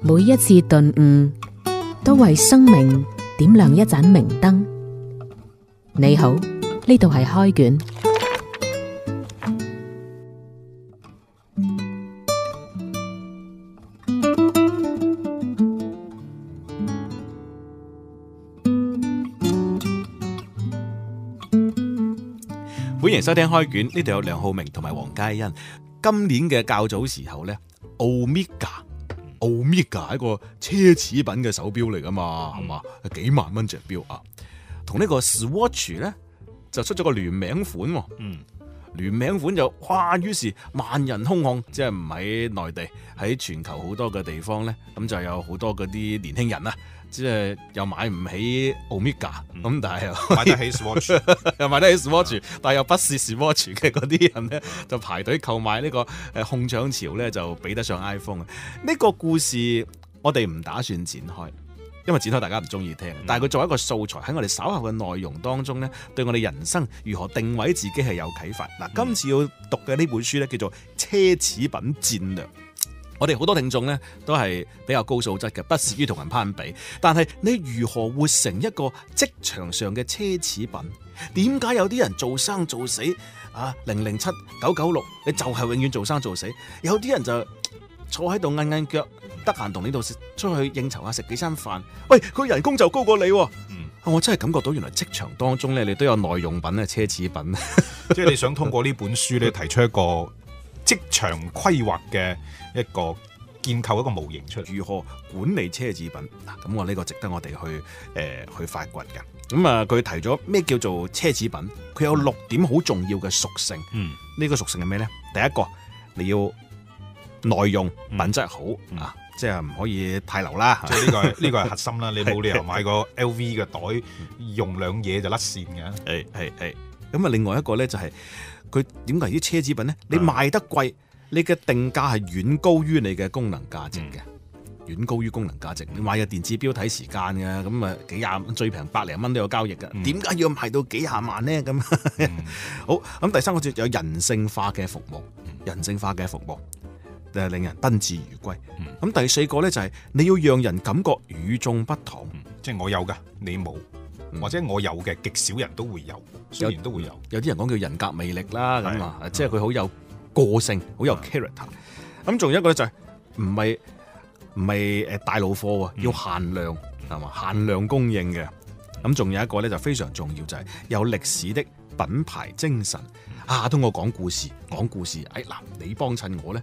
每一次頓悟，都為生命點亮一盞明燈。你好，呢度係開卷。歡迎收聽開卷，呢度有梁浩明同埋黃佳欣。今年嘅較早時候呢，Omega。歐米伽，一個奢侈品嘅手表嚟噶嘛，係、嗯、嘛？幾萬蚊隻表啊，同呢個 Swatch 咧就出咗個聯名款，哦，嗯。聯名款就哇，於是萬人空巷，即係唔喺內地，喺全球好多嘅地方咧，咁就有好多嗰啲年輕人啊，即係又買唔起 Omega，咁但係又， 又買得起 Swatch，又買得起 Swatch，但係又不是 Swatch 嘅嗰啲人咧，就排隊購買個呢個誒控搶潮咧，就比得上 iPhone 呢。呢個故事我哋唔打算展開。因為展開大家唔中意聽，但係佢作為一個素材喺我哋稍後嘅內容當中呢，對我哋人生如何定位自己係有啟發。嗱，今次要讀嘅呢本書咧叫做《奢侈品戰略》。我哋好多聽眾呢，都係比較高素質嘅，不屑於同人攀比。但係你如何活成一個職場上嘅奢侈品？點解有啲人做生做死啊？零零七九九六，你就係永遠做生做死。有啲人就。坐喺度掹硬腳，得閒同呢度出去應酬下，食幾餐飯。喂，佢人工就高過你。嗯，我真係感覺到原來職場當中咧，你都有耐用品咧，奢侈品。 即係你想通過呢本書咧，提出一個職場規劃嘅一個建構一個模型出嚟，如何管理奢侈品？嗱，咁我呢個值得我哋去誒、呃、去發掘嘅。咁啊，佢提咗咩叫做奢侈品？佢有六點好重要嘅屬性。嗯，這個、屬呢個屬性係咩咧？第一個你要。耐用，品質好、嗯、啊，即係唔可以太流啦。呢個係呢個係核心啦。你冇理由買個 LV 嘅袋、嗯、用兩嘢就甩線嘅。係係係。咁啊，另外一個咧就係佢點解啲奢侈品咧？你賣得貴，你嘅定價係遠高於你嘅功能價值嘅、嗯，遠高於功能價值。嗯、你買個電子錶睇時間嘅，咁啊幾廿最平百零蚊都有交易嘅，點、嗯、解要賣到幾廿萬咧？咁、嗯、 好，咁第三個就有人性化嘅服務、嗯，人性化嘅服務。就係令人賓至如歸。咁、嗯、第四個咧就係你要讓人感覺與眾不同，嗯、即係我有嘅你冇、嗯，或者我有嘅極少人都會有，有人都會有。有啲人講叫人格魅力啦，咁啊，即係佢好有個性，好有 character。咁仲有一個咧就係唔係唔係誒大路貨喎，要限量係嘛、嗯，限量供應嘅。咁、嗯、仲有一個咧就非常重要，就係、是、有歷史的品牌精神、嗯、啊，通過講故事，講故事。哎嗱，你幫襯我咧。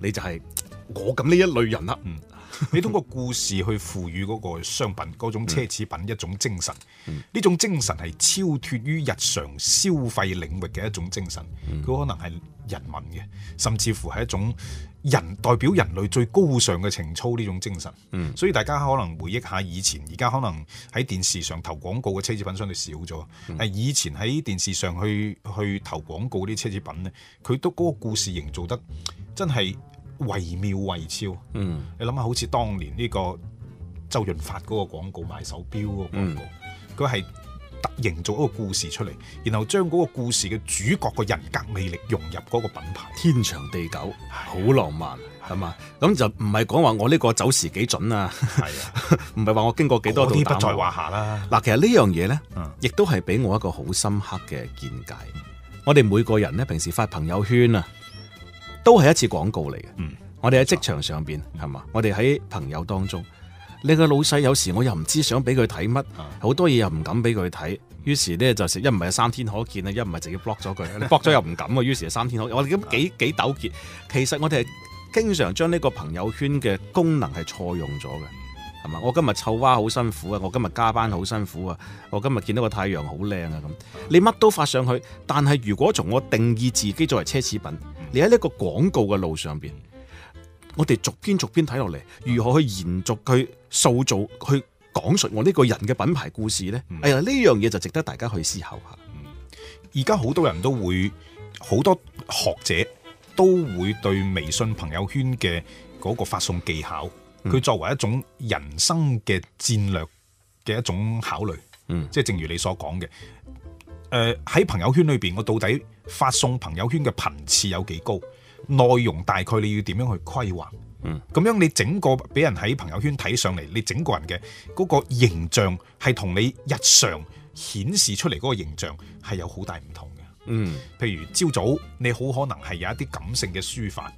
你就係我咁呢一類人啦，嗯，你通過故事去賦予嗰個商品嗰 種奢侈品一種精神，呢、嗯、種精神係超脱於日常消費領域嘅一種精神。佢、嗯、可能係人民嘅，甚至乎係一種人代表人類最高尚嘅情操呢種精神。嗯，所以大家可能回憶下以前，而家可能喺電視上投廣告嘅奢侈品相對少咗、嗯。但以前喺電視上去去投廣告啲奢侈品呢，佢都嗰個故事營造得真係～惟妙惟肖。嗯，你諗下，好似當年呢個周潤發嗰個廣告，賣手表嗰個廣告，佢、嗯、係特營造一個故事出嚟，然後將嗰個故事嘅主角嘅人格魅力融入嗰個品牌，天長地久，好浪漫，係嘛、啊？咁、啊、就唔係講話我呢個走時幾準啊，唔係話我經過幾多啲不在話下啦。嗱， 其實這件事呢樣嘢咧，亦都係俾我一個好深刻嘅見解。我哋每個人咧，平時發朋友圈啊。都係一次廣告嚟嘅，嗯，我哋喺職場上邊係嘛，我哋喺朋友當中，你個老細有時我又唔知想俾佢睇乜，好、嗯、多嘢又唔敢俾佢睇，於是呢，就係、一唔係三天可見啊，一唔係直接 block 咗佢、嗯、，block 咗又唔敢啊， 於是，係三天可見，我哋咁幾、嗯、幾糾結。其實我哋係經常將呢個朋友圈嘅功能係錯用咗嘅，係嘛？我今日湊娃好辛苦啊，我今日加班好辛苦啊，我今日見到個太陽好靚啊咁，你乜都發上去，但係如果從我定義自己作為奢侈品。你喺呢個廣告嘅路上邊，我哋逐篇逐篇睇落嚟，如何去延續、去塑造、去講述我呢個人嘅品牌故事呢？嗯、哎呢樣嘢就值得大家去思考下。而家好多人都會，好多學者都會對微信朋友圈嘅嗰個發送技巧，佢作為一種人生嘅戰略嘅一種考慮。即、嗯、係、就是、正如你所講嘅，誒、呃、喺朋友圈裏邊，我到底？發送朋友圈嘅頻次有幾高？內容大概你要點樣去規劃？嗯，咁樣你整個俾人喺朋友圈睇上嚟，你整個人嘅嗰個形象係同你日常顯示出嚟嗰個形象係有好大唔同嘅。嗯，譬如朝早你好可能係有一啲感性嘅抒發。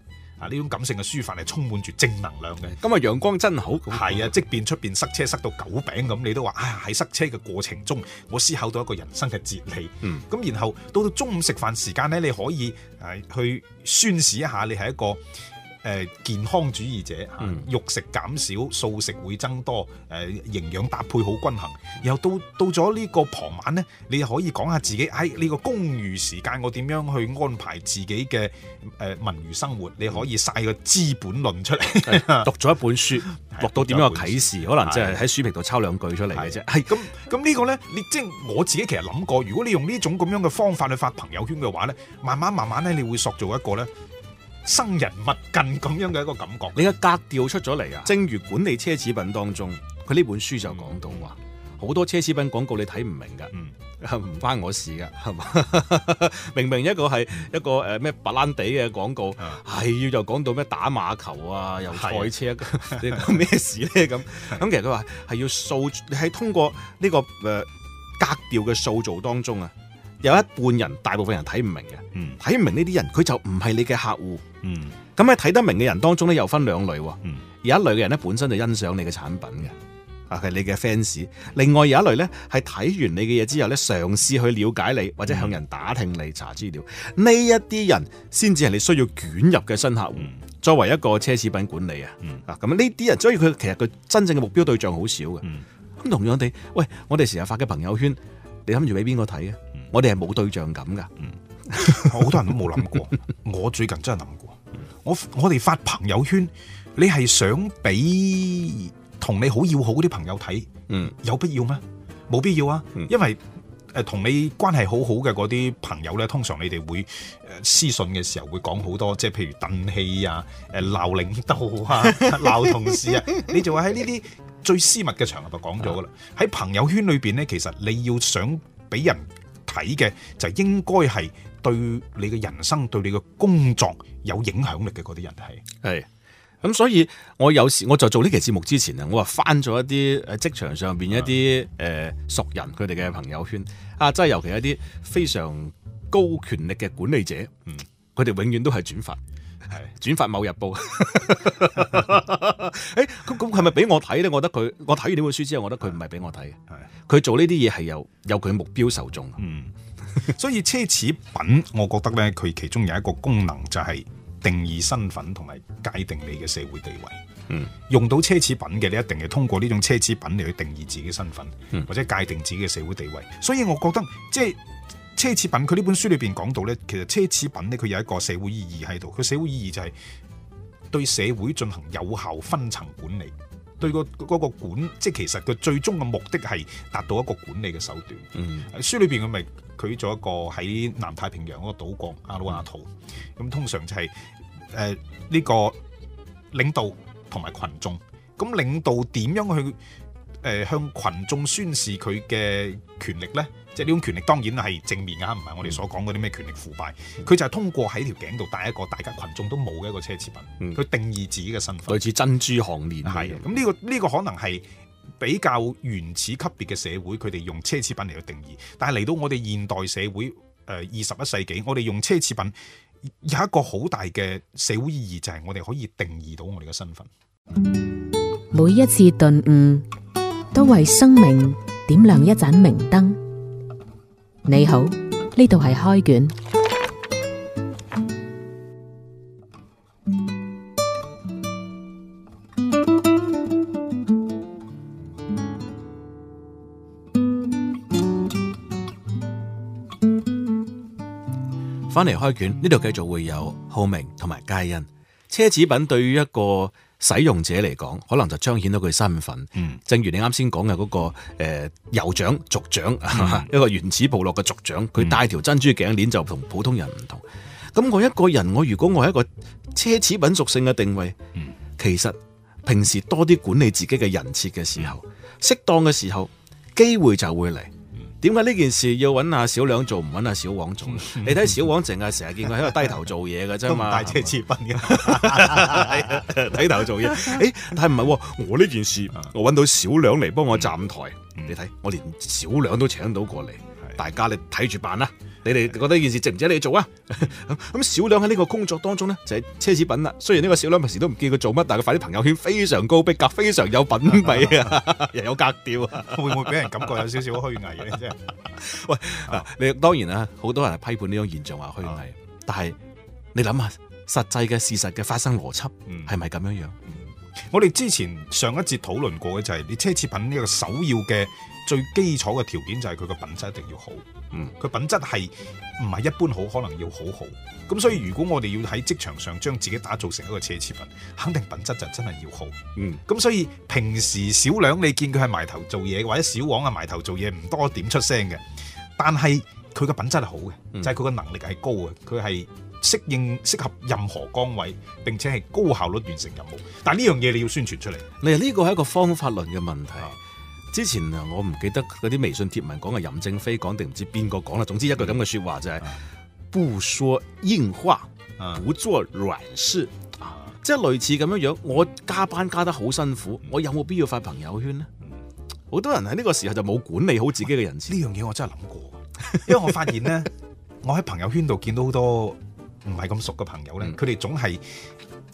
呢、啊、種感性嘅書法係充滿住正能量嘅。今日陽光真好，係啊！即便出面塞車塞到狗餅咁，你都話：哎，喺塞車嘅過程中，我思考到一個人生嘅哲理。咁、嗯、然後到到中午食飯時間呢，你可以、啊、去宣示一下你係一個，誒健康主義者、嗯、肉食減少，素食會增多。誒營養搭配好均衡。然後到到咗呢個傍晚呢，你可以講下自己喺呢、哎這個公餘時間，我點樣去安排自己嘅、呃、文娛生活。你可以晒個資本論出嚟，讀咗一本書，讀到點樣嘅啟示，可能即係喺書評度抄兩句出嚟嘅啫。係咁咁呢個呢，你即係我自己其實諗過，如果你用呢種咁樣嘅方法去發朋友圈嘅話呢，慢慢慢慢咧，你會塑造一個呢。生人勿近咁樣嘅一個感覺，你一格調出咗嚟啊！正如管理奢侈品當中，佢呢本書就講到話，好、嗯、多奢侈品廣告你睇唔明噶，唔、嗯啊、關我事噶，係嘛？ 明明一個係一個誒咩、呃、白蘭地嘅廣告，係要就講到咩打馬球啊，又賽車，你講咩事咧？咁 咁其實佢話係要掃，係通過呢、呢個誒、呃、格調嘅塑造當中啊。有一半人，大部分人睇唔明嘅，睇唔明呢啲人佢就唔係你嘅客戶。咁喺睇得明嘅人當中咧，又分兩類。有一類嘅人咧，本身就欣賞你嘅產品嘅，係你嘅 fans。另外有一類咧係睇完你嘅嘢之後咧，嘗試去了解你或者向人打聽你、嗯、查資料呢一啲人，先至係你需要捲入嘅新客戶、嗯。作為一個奢侈品管理啊，咁呢啲人，所以佢其實佢真正嘅目標對象好少嘅。咁、嗯、同樣哋，喂，我哋成日發嘅朋友圈，你諗住俾邊個睇嘅？我哋係冇對象感噶，嗯、好多人都冇諗過。 我最近真係諗過，我我哋發朋友圈，你係想俾同你好要好啲朋友睇、嗯，有必要咩？冇必要啊，嗯、因為誒同你關係好好嘅嗰啲朋友咧，通常你哋會誒私信嘅時候會講好多，即係譬如憤氣啊、誒鬧領導啊、鬧 同事啊，你就話喺呢啲最私密嘅場合就講咗噶啦。喺朋友圈裏邊咧，其實你要想俾人。睇嘅就應該係對你嘅人生、對你嘅工作有影響力嘅嗰啲人係。係，咁所以我有時我就做呢期節目之前啊，我話翻咗一啲喺職場上邊一啲誒、嗯呃、熟人佢哋嘅朋友圈啊，即係尤其一啲非常高權力嘅管理者，佢、嗯、哋永遠都係轉發。係轉發某日報、 欸，誒，咁咁係咪俾我睇咧？我覺得佢，我睇完呢本書之後，我覺得佢唔係俾我睇嘅。係，佢做呢啲嘢，係有有佢嘅目標受眾。嗯，所以奢侈品，我覺得咧，佢其中有一個功能就係定義身份同埋界定你嘅社會地位。嗯，用到奢侈品嘅，你一定係通過呢種奢侈品嚟去定義自己嘅身份，嗯、或者界定自己嘅社會地位。所以我覺得即係。奢侈品佢呢本書裏邊講到呢，其實奢侈品呢，佢有一個社會意義喺度，佢社會意義就係對社會進行有效分層管理，對個個管，即係其實佢最終嘅目的係達到一個管理嘅手段。嗯，書裏邊佢咪舉咗一個喺南太平洋嗰個島國阿魯阿圖，咁、嗯、通常就係誒呢個領導同埋群眾，咁領導點樣去？誒向群眾宣示佢嘅權力呢，即係呢種權力當然係正面嘅，唔係我哋所講嗰啲咩權力腐敗。佢就係通過喺條頸度戴一個大家群眾都冇嘅一個奢侈品，佢、嗯、定義自己嘅身份，類似珍珠項鍊。係咁呢個呢、呢個可能係比較原始級別嘅社會，佢哋用奢侈品嚟去定義。但係嚟到我哋現代社會，誒二十一世紀，我哋用奢侈品有一個好大嘅社會意義，就係、是、我哋可以定義到我哋嘅身份。每一次頓悟，都為生命點亮一盞明燈。你好，呢度係開卷。翻嚟開卷，呢度繼續會有浩明同埋佳欣。奢侈品對於一個。使用者嚟講，可能就彰顯到佢身份。嗯，正如你啱先講嘅嗰個誒酋、呃、長、族長，嗯、一個原始部落嘅族長，佢、嗯、戴條珍珠頸鏈就同普通人唔同。咁我一個人，我如果我係一個奢侈品屬性嘅定位，嗯，其實平時多啲管理自己嘅人設嘅時候，適、嗯、當嘅時候，機會就會嚟。點解呢件事要揾阿小兩做，唔揾阿小王做？你睇小王淨係成日見佢喺度低頭做嘢嘅啫嘛，大姐接賓嘅， 低頭做嘢。誒、欸，但係唔係，我呢件事我揾到小兩嚟幫我站台。你睇，我連小兩都請到過嚟。大家你睇住辦啦，你哋覺得件事值唔值你做啊？咁 小兩喺呢個工作當中咧，就係奢侈品啦。雖然呢個小兩平時都唔見佢做乜，但佢發啲朋友圈非常高逼格，非常有品味啊， 又有格調， 會唔會俾人感覺有少少虛偽嘅啫？即係，喂，你當然啦，好多人係批判呢種現象話虛偽，但係你諗下實際嘅事實嘅發生邏輯係咪咁樣樣？嗯嗯我哋之前上一節，討論過嘅就係你奢侈品呢個首要嘅最基礎嘅條件就係佢個品質一定要好，嗯，佢品質係唔係一般好，可能要好好，咁所以如果我哋要喺職場上將自己打造成一個奢侈品，肯定品質就真係要好，嗯，咁所以平時小梁你見佢係埋頭做嘢，或者小王啊埋頭做嘢唔多點出聲嘅，但係佢嘅品質係好嘅，就係佢嘅能力係高嘅，佢係。適應適合任何崗位，並且係高效率完成任務。但係呢樣嘢你要宣傳出嚟。你呢個係一個方法論嘅問題。啊、之前啊，我唔記得嗰啲微信貼文講嘅，任正非講定唔知邊個講啦。總之一句咁嘅説話就係、是啊：不說硬話、啊，不做軟事。啊、即係類似咁樣樣。我加班加得好辛苦，我有冇必要發朋友圈呢？好多人喺呢個時候就冇管理好自己嘅人設。呢樣嘢我真係諗過，因為我發現呢， 我喺朋友圈度見到好多。唔係咁熟嘅朋友呢，佢、嗯、哋總係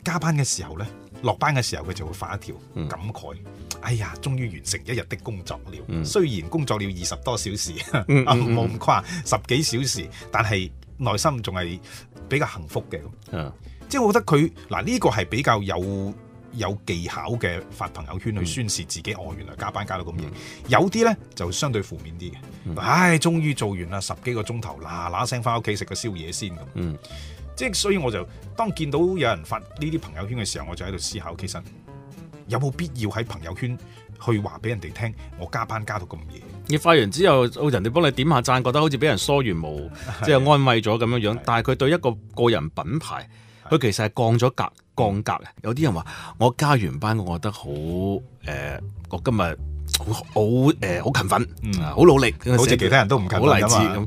加班嘅時候呢，落班嘅時候佢就會發一條感慨、嗯：哎呀，終於完成一日的工作了。嗯、雖然工作了二十多小時，冇、嗯、咁、嗯、 誇、嗯，十幾小時，但係內心仲係比較幸福嘅。即、嗯、係、就是、我覺得佢嗱呢個係比較有有技巧嘅發朋友圈去宣示自己。嗯、哦，原來加班加到咁夜。有啲呢就相對負面啲嘅、嗯，唉，終於做完啦，十幾個鐘頭，嗱嗱聲翻屋企食個宵夜先咁。即係所以我就當見到有人發呢啲朋友圈嘅時候，我就喺度思考，其實有冇必要喺朋友圈去話俾人哋聽我加班加到咁夜？你發完之後，人哋幫你點下讚，覺得好似俾人梳完毛，即係、就是、安慰咗咁樣樣。但係佢對一個個人品牌，佢其實係降咗格降格嘅。有啲人話我加完班，我覺得好誒、呃，我今日好誒，好勤奮、好、嗯、努力。好似其他人都唔勤奮噶嘛。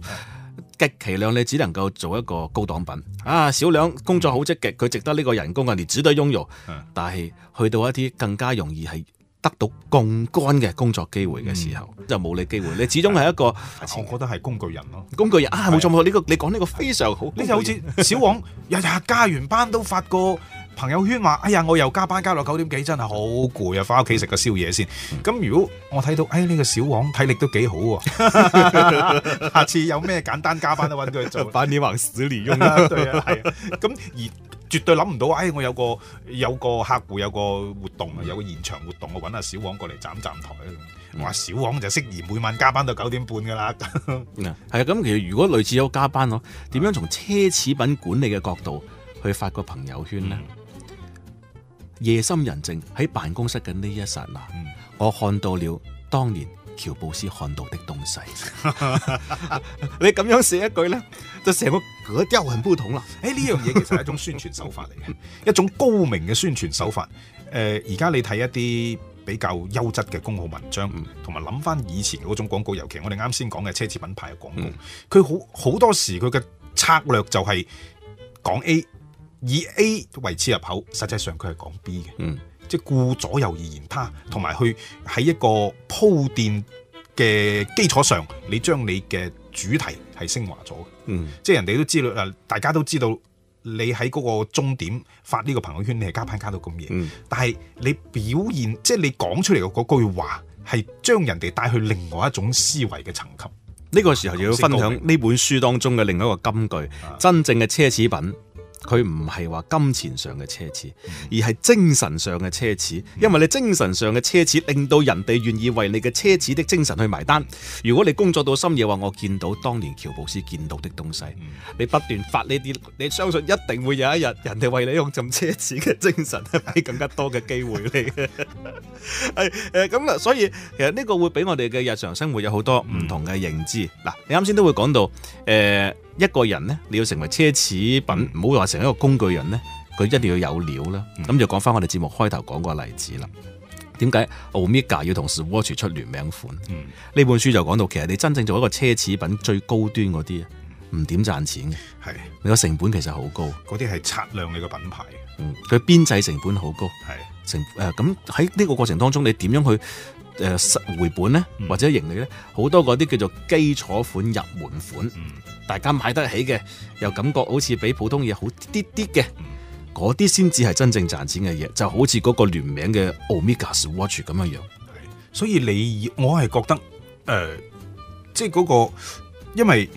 極其量你只能夠做一個高檔品啊！小梁工作好積極，佢值得呢個人工啊，你只得擁有。但係去到一啲更加容易係得到槓桿嘅工作機會嘅時候，嗯、就冇你機會。你始終係一個，我覺得係工具人咯。工具人啊，冇錯冇錯，呢個你講呢個非常好。呢就好似小王日日 加完班都發過。朋友圈話：哎呀，我又加班加到九點幾，真係好攰啊！返屋企食個宵夜先。咁、嗯、如果我睇到，哎，呢個小王體力都幾好喎， 下次有咩簡單加班都揾佢做。 把啲橫死年用啦。 對啊，係。咁而絕對諗唔到，哎，我有個有個客戶有個活動啊，有個現場活動，我揾阿小王過嚟站一站台啊。話、嗯、小王就適宜每晚加班到九點半㗎啦。係 啊，咁其實如果類似有加班咯，點樣從奢侈品管理嘅角度去發個朋友圈呢？嗯夜深人靜喺辦公室嘅呢一剎那、嗯，我看到了當年喬布斯看到的東西。 你咁樣寫一句呢，就成個格調好不同啦。誒、哎，呢樣嘢其實係一種宣傳手法嚟嘅。 一種高明嘅宣傳手法。誒、呃，而家你睇一啲比較優質嘅公號文章，同埋諗翻以前嗰種廣告，尤其我哋啱先講嘅奢侈品牌嘅廣告，佢、嗯、好好多時佢嘅策略就係講 A。以 A 為切入口，實際上佢係講 B 嘅，嗯、即係顧左右而言他，同埋去喺一個鋪墊嘅基礎上，你將你嘅主題係升華咗。嗯、即係人哋都知道，大家都知道你喺嗰個終點發呢個朋友圈，你係加班加到咁夜。嗯、但係你表現，即係你講出嚟嘅嗰句話，係將人哋帶去另外一種思維嘅層級。呢個時候又要分享呢本書當中嘅另一個金句：啊、真正嘅奢侈品。佢唔係話金錢上嘅奢侈，而係精神上嘅奢侈。因為你精神上嘅奢侈，令到人哋願意為你嘅奢侈的精神去埋單。如果你工作到深夜話，話我見到當年喬布斯見到的東西，你不斷發呢啲，你相信一定會有一日，人哋為你用咁奢侈嘅精神，係更加多嘅機會嚟。係咁啦，所以其實呢個會俾我哋嘅日常生活有好多唔同嘅認知。嗱，嗯，你啱先都會講到誒。呃一個人呢，你要成為奢侈品，唔好話成為一個工具人呢，佢一定要有料啦。咁、嗯、就講翻我哋節目開頭講個例子啦。點解 Omega 要同 Swatch 出聯名款？呢、嗯、本書就講到，其實你真正做一個奢侈品最高端嗰啲，唔點賺錢嘅。係，你個成本其實好高，嗰啲係擦亮你個品牌。佢邊際成本好高。係，成誒咁喺呢個過程當中，你點樣去？誒回本咧？或者盈利咧？好多嗰啲叫做基礎款、入門款，嗯，大家買得起嘅，又感覺，好似比普通嘢好啲啲嘅，嗰啲先至係真正賺錢嘅嘢，就好似嗰個聯名嘅 Omega Watch 咁樣樣。係，所以你我係覺得誒，即係嗰個，因為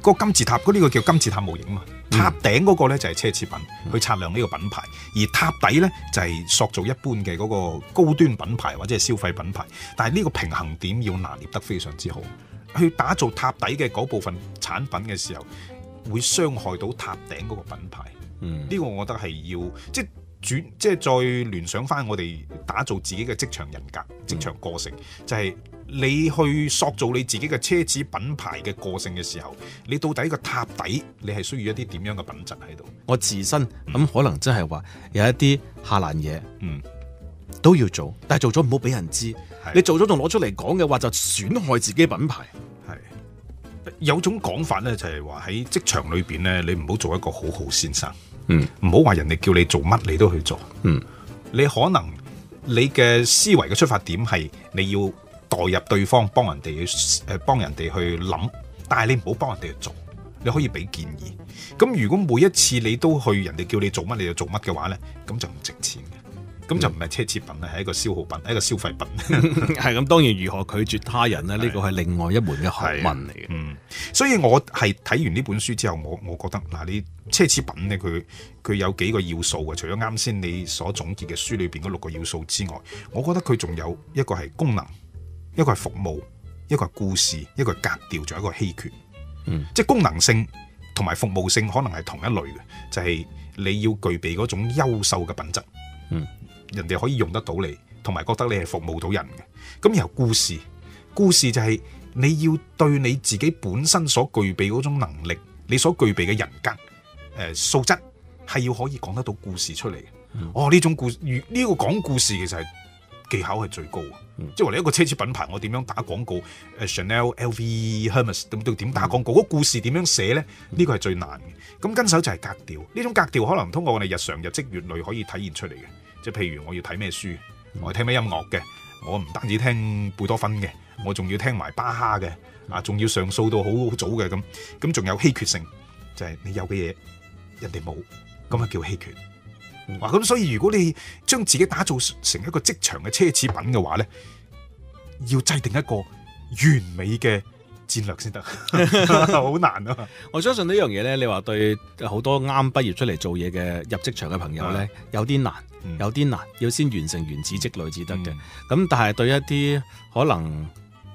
個金字塔呢個叫金字塔模型啊嘛。塔頂嗰個呢就係奢侈品，去測量呢個品牌；而塔底呢，就係塑造一般嘅嗰個高端品牌或者係消費品牌。但係呢個平衡點要拿捏得非常之好，去打造塔底嘅嗰部分產品嘅時候，會傷害到塔頂嗰個品牌。嗯，呢個我覺得係要即係再聯想翻我哋打造自己嘅職場人格、職場個性，就係、是。你去塑造你自己嘅奢侈品牌嘅個性嘅時候，你到底個塔底你係需要一啲點樣嘅品質喺度？我自身咁、嗯、可能真係話有一啲下欄嘢，嗯，都要做，但係做咗唔好俾人知。你做咗仲攞出嚟講嘅話，就損害自己品牌。係有種講法呢，就係話喺職場裏邊呢，你唔好做一個好好先生，嗯，唔好話人哋叫你做乜你都去做，嗯，你可能你嘅思維嘅出發點係你要代入對方幫人哋去誒幫人哋去諗，但係你唔好幫人哋去做，你可以俾建議。咁如果每一次你都去人哋叫你做乜你就做乜嘅話呢，咁就唔值錢嘅，咁就唔係奢侈品啦，係一個消耗品，嗯、一個消費品係咁。 當然如何拒絕他人呢？呢個係另外一門嘅學問嚟嘅、嗯。所以我係睇完呢本書之後，我我覺得嗱，你奢侈品呢，佢佢有幾個要素嘅，除咗啱先你所總結嘅書裏邊嗰六個要素之外，我覺得佢仲有一個係功能。一個係服務，一個係故事，一個係格調，仲有一個稀缺，嗯，即係功能性同埋服務性可能係同一類嘅，就係、係、你要具備嗰種優秀嘅品質，嗯，人哋可以用得到你，同埋覺得你係服務到人嘅。咁然後故事，故事就係你要對你自己本身所具備嗰種能力，你所具備嘅人格，誒、呃、素質係要可以講得到故事出嚟、嗯。哦，呢種故呢、呢個講故事其實係技巧係最高。即係話，你一個奢侈品牌，我點樣打廣告？誒，Chanel、LV、Hermes，到到點打廣告？那個故事點樣寫咧？呢、這個係最難嘅。咁跟手就係格調，呢種格調可能通過我哋日常日積月累可以體現出嚟嘅。即係譬如我要睇咩書，我聽咩音樂嘅，我唔單止聽貝多芬嘅，我仲要聽埋巴哈嘅，啊，仲要上溯到好好早嘅咁。咁仲有稀缺性，就係、是、你有嘅嘢，人哋冇，咁啊叫稀缺。咁所以如果你將自己打造成一個職場嘅奢侈品嘅話呢，要制定一個完美嘅戰略先得，好 難啊！ 我相信呢樣嘢呢，你話對好多啱畢業出嚟做嘢嘅入職場嘅朋友呢、啊，有啲難，有啲難、嗯，要先完成原始積累至得嘅。咁、嗯、但係對一啲可能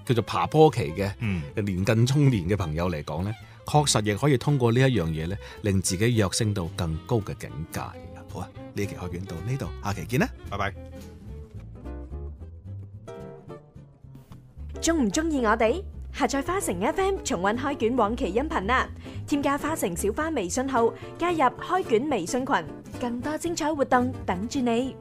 叫做爬坡期嘅、嗯，年近中年嘅朋友嚟講呢，確實亦可以通過呢一樣嘢呢，令自己躍升到更高嘅境界。好啊，呢期開卷到呢度，下期見啦，拜拜。鍾唔鍾意我哋？下載花城 FM 重温開卷往期音頻啦，添加花城小花微信號，加入開卷微信群，更多精彩活動等住你。